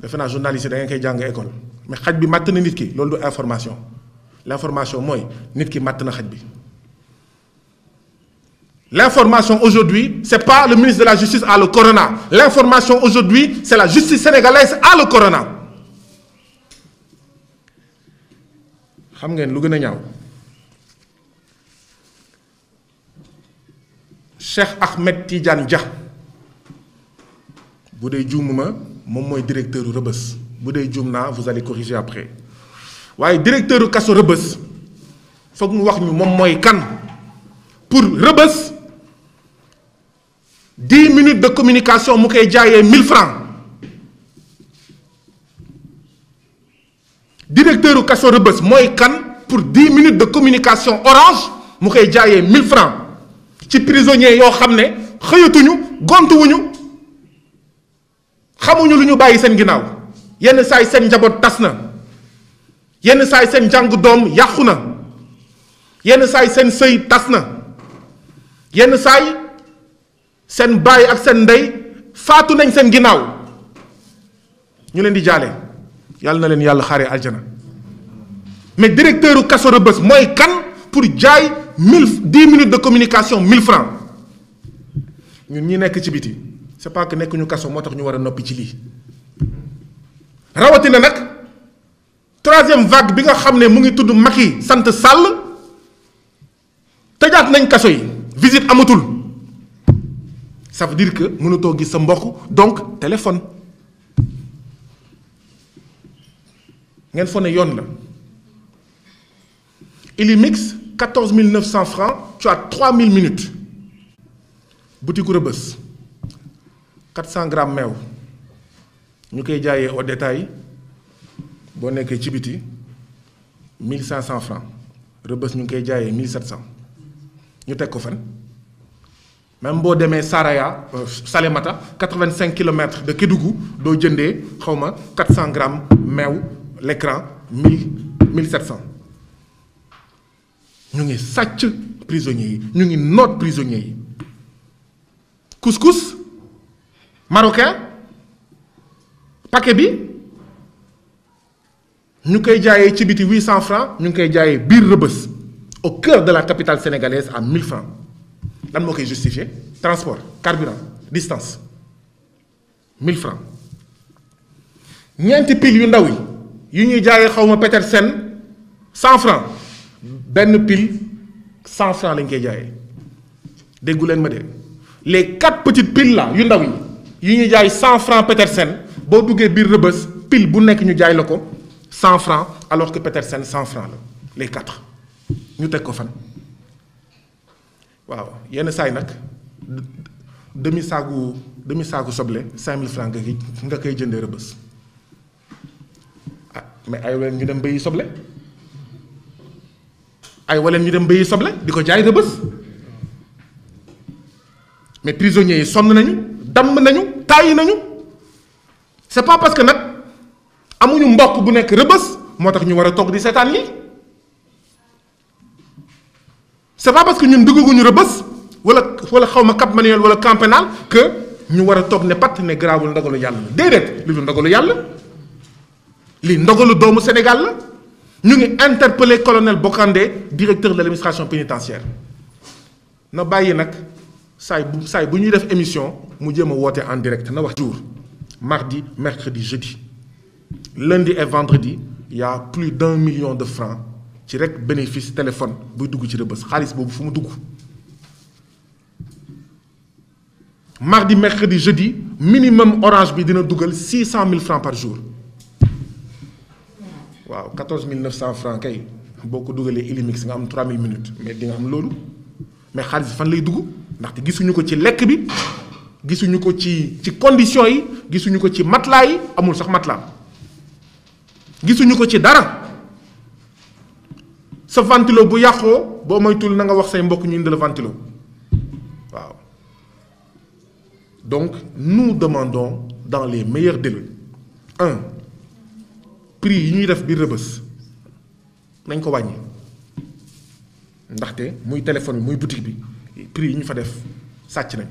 defe naa journaliste da koy jàng école mais xaj bi matt na nit ki loolu du information l'information mooy nit ki matt na xaj bi l'information aujourd'hui c'est pas le ministre de la justice a le corona information aujourd'hui c'est la justice sénégalaise a le corona xam ngeen lu gën a ñaaw Cheikh Ahmed Tidiane Dia bu dee juumuma moom mooy directeur u rëbës bu dee juum naa vous allez corriger après waaye directeur u kaso rëbës foog mu wax ñu moom mooy kan pour rëbës dix minutes de communication mu koy jaayee mille francs directeur u kaso rëbës mooy kan pour dix minutes de communication orange mu koy jaayee mille francs ci prisonniers yoo xam ne xëyatuñu gontuwuñu xamuñu lu ñu bàyyi seen ginnaaw yenn saay seen njaboot tas na yenn saay seen njàng doom yàqu na yenn saay seen sëy tas na yenn saay seen baay ak seen ndey faatu nañ seen ginnaaw ñu leen di jaale yàlla na leen yàlla xaaree aljana mais directeuru kaso Rebeuss mooy kan pour jaay mille dix minutes de communication mille francs ñun ñu nekk ci biti c'est pas que nekk ñu kaso moo tax ñu war a noppi ci lii rawatina nag troisième vague bi nga xam ne mu ngi tudd Macky sant sàll tëjaat nañ kaso yi visite amatul ça veut que mënatoo gis sa mbokk donc téléphone ngeen fone yoon la Illimix 14 900 francs tu as 3000 minutes boutique Rebeuss 400 grammes meew ñu koy jaayee au détail boo nekkee ci biti 1500 francs rëbës ñu ngi koy jaayee 1700 ñu teg ko fan même boo demee Saraya euh, Salemata cinq kilomètres de Kédougou doo jëndee xaw ma 400 grammes meew mil 1000 1700 ñu ngi sàcc prisonniers yi ñu ngi noot prisonniers yi marocain paquet bi ñu koy jaayee ci biti 800 francs ñu ngi koy jaayee biir Rebeuss au cœur de la capitale sénégalaise am mille francs lan moo koy justifier transport carburant distance 1000 francs ñeenti pile yu ndaw yi yu ñuy jaayee xawma Petersen 100 francs benn pil cent francs lañ koy jaayee déggu leen ma de les quatre petites piles là yu ndaw yi. yi ñu jaay cent franc Petersen boo duggee biir rëbës pile bu nekk ñu jaay la ko cent franc alors que Petersen cent franc la les quatre ñu teg ko fan. waaw yenn saay nag demi saagu demi saagu soble cinq mille franc nga koy nga koy jëndee rëbës ah, mais ay waleen ñu dem béyi soble ay waleen ñu dem béyi soble di ko jaay rëbës mais prisonniers yi sonn nañu. damm nañu tàyyi nañu c'est pas parce que nag amuñu mbokk bu nekk rëbës moo tax ñu war a toog di seetaan lii c'est pas parce que ñun duggaguñu rëbës wala wala xawma ma Cap Manuel wala Camp Pénal ñu war a toog ne patt ne garaawul ndogalu yàlla la déedéet li du ndogalu yàlla li ndogalu doomu Sénégal la ñu ngi interpellé colonel Bokandé directeur de l'administration pénitentiaire na bàyyi nag saay bu saay bu ñuy def émission mu jéem a woote en direct na wax jour mardi mercredi jeudi lundi et vendredi yaa a plus d'un million de francs ci rek bénéfice téléphone buy dugg ci rëbës xaalis boobu fu mu dugg mardi mercredi jeudi minimum orange bi dina dugal six cent mille francs par jour waaw quatorze mille neuf cent francs kay boo ko dugalee Illimix nga am trois mille minutes mais di nga am loolu mais xaalis fan lay dugg ndaxte gisuñu ko ci lekk bi gisuñu ko ci ci conditions yi gisuñu ko ci matelas yi amul sax matelas gisuñu ko ci dara sa ventilo bu yàqoo boo moytul na nga wax say mbokk ñu indi la ventilo waaw donc nous demandon dans les meilleurs délais un prix yi ñuy def biir Rebeuss nañ ko wàññi ndaxte muy téléphone bi muy boutique bi prix yi ñu fa def sàcc nañ.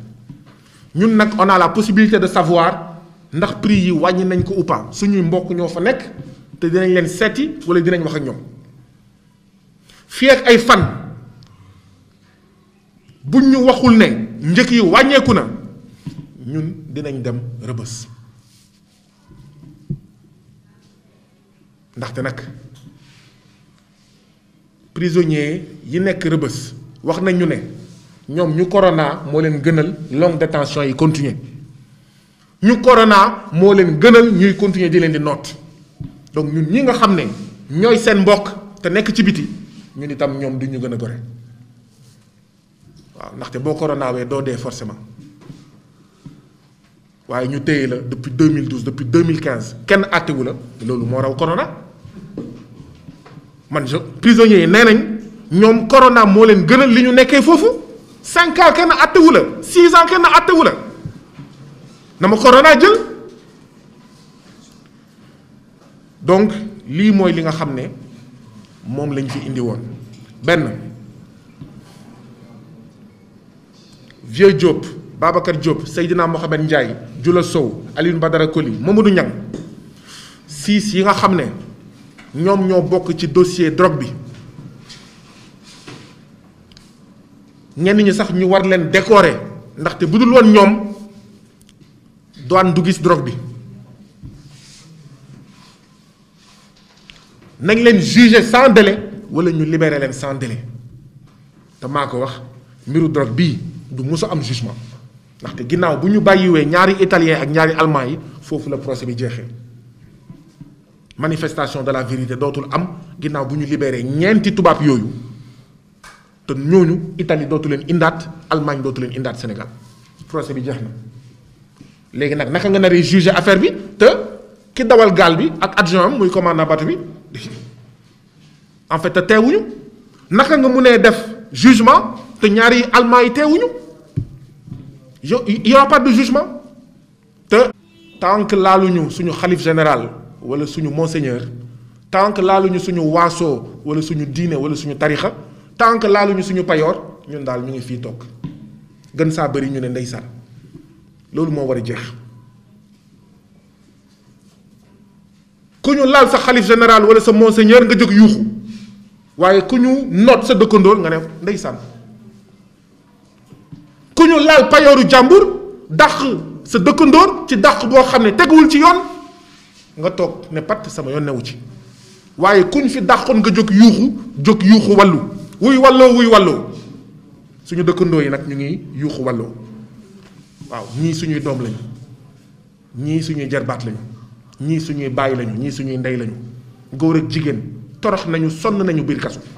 ñun nag on la possibilité de savoir ndax prix yi wàññi nañ ko ou suñuy mbokk ñoo fa nekk te dinañ leen seeti wala dinañ wax ak ñoom fii ak ay fan buñ ñu waxul ne njëkk yi wàññeeku na ñun dinañ dem rëbës ndaxte nag prisonnier yi nekk rëbës wax nañ ne. ñoom ñu corona moo leen gënal longue détention yi continuer ñu corona moo leen gënal ñuy continuer di leen di nott donc ñun ñi nga xam ne ñooy seen mbokk te nekk ci biti ñun itam ñoom du ñu gën a gore waaw ndaxte boo corona wee doo dee forcément waaye ñu téye la depuis mille 2012 depuis deux 2015 kenn àttewu la loolu moo raw corona man je prisonniers yi nee nañ ñoom corona moo leen gënal li ñu nekkee foofu. cinq ans kenn attewu la six ans kenn attewu la na ma corona jël donc lii mooy li nga xam ne moom lañu fi indi woon benn Vieux Diop Babacar Diop Seydina Mohamed Ndiaye Jula Sow Alioune Badara Koli Mamadou Niang siis yi nga xam ne ñoom ñoo bokk ci dossier drogue bi ñenn ñu sax ñu war leen décorer ndaxte bu dul woon ñoom douane du gis drogue bi nañ leen juger sans délai wala ñu libere leen sans délai te maa ko wax mbiru drogue bii du mës am jugement ndaxte ginnaaw bu ñu bàyyiwee ñaari italien ak ñaari allemand yi foofu la procès bi jeexee manifestation de la vérité dootul am ginnaaw bu ñu libéré ñeenti tubaab yooyu. te ñooñu Italie dootu leen indaat Allemagne dootu leen indaat Sénégal procès bi jeex na léegi nag naka nga nar a affaire bi te ki dawal gaal bi ak adjoint am muy commandant bateau bi en fait te teewuñu naka nga mu mënee def jugement te ñaari Allemand yi teewuñu yo y a pas de jugement te tant que laaluñu suñu xalif général wala suñu monseigneur tant que laaluñu suñu waasoo wala suñu diine wala suñu tarixa tant que laaluñu suñu payoor ñun daal ñu ngi fii toog gën saa bëri ñu ne ndeysaan loolu moo war a jeex ku ñu laal sa xalif général wala sa monseigneur nga jóg yuuxu waaye ku ñu noot sa dëkkandool nga ne ndeysaan ku ñu laal payooru jàmbur dàq sa dëkkandoor ci dàq boo xam ne teguwul ci yoon nga toog ne patt sama yoon newu ci waaye kuñ fi dàqoon nga jóg yuuxu jóg yuuxu wallu wuy walloo wuy walloo suñu dëkkandoo yi nag ñu ngi yuuxu walloo waaw ñii suñuy doom lañu ñii suñuy jarbaat lañu ñii suñuy bàyyi lañu ñii suñuy ndey lañu góor ak jigéen torox nañu sonn nañu biir kaso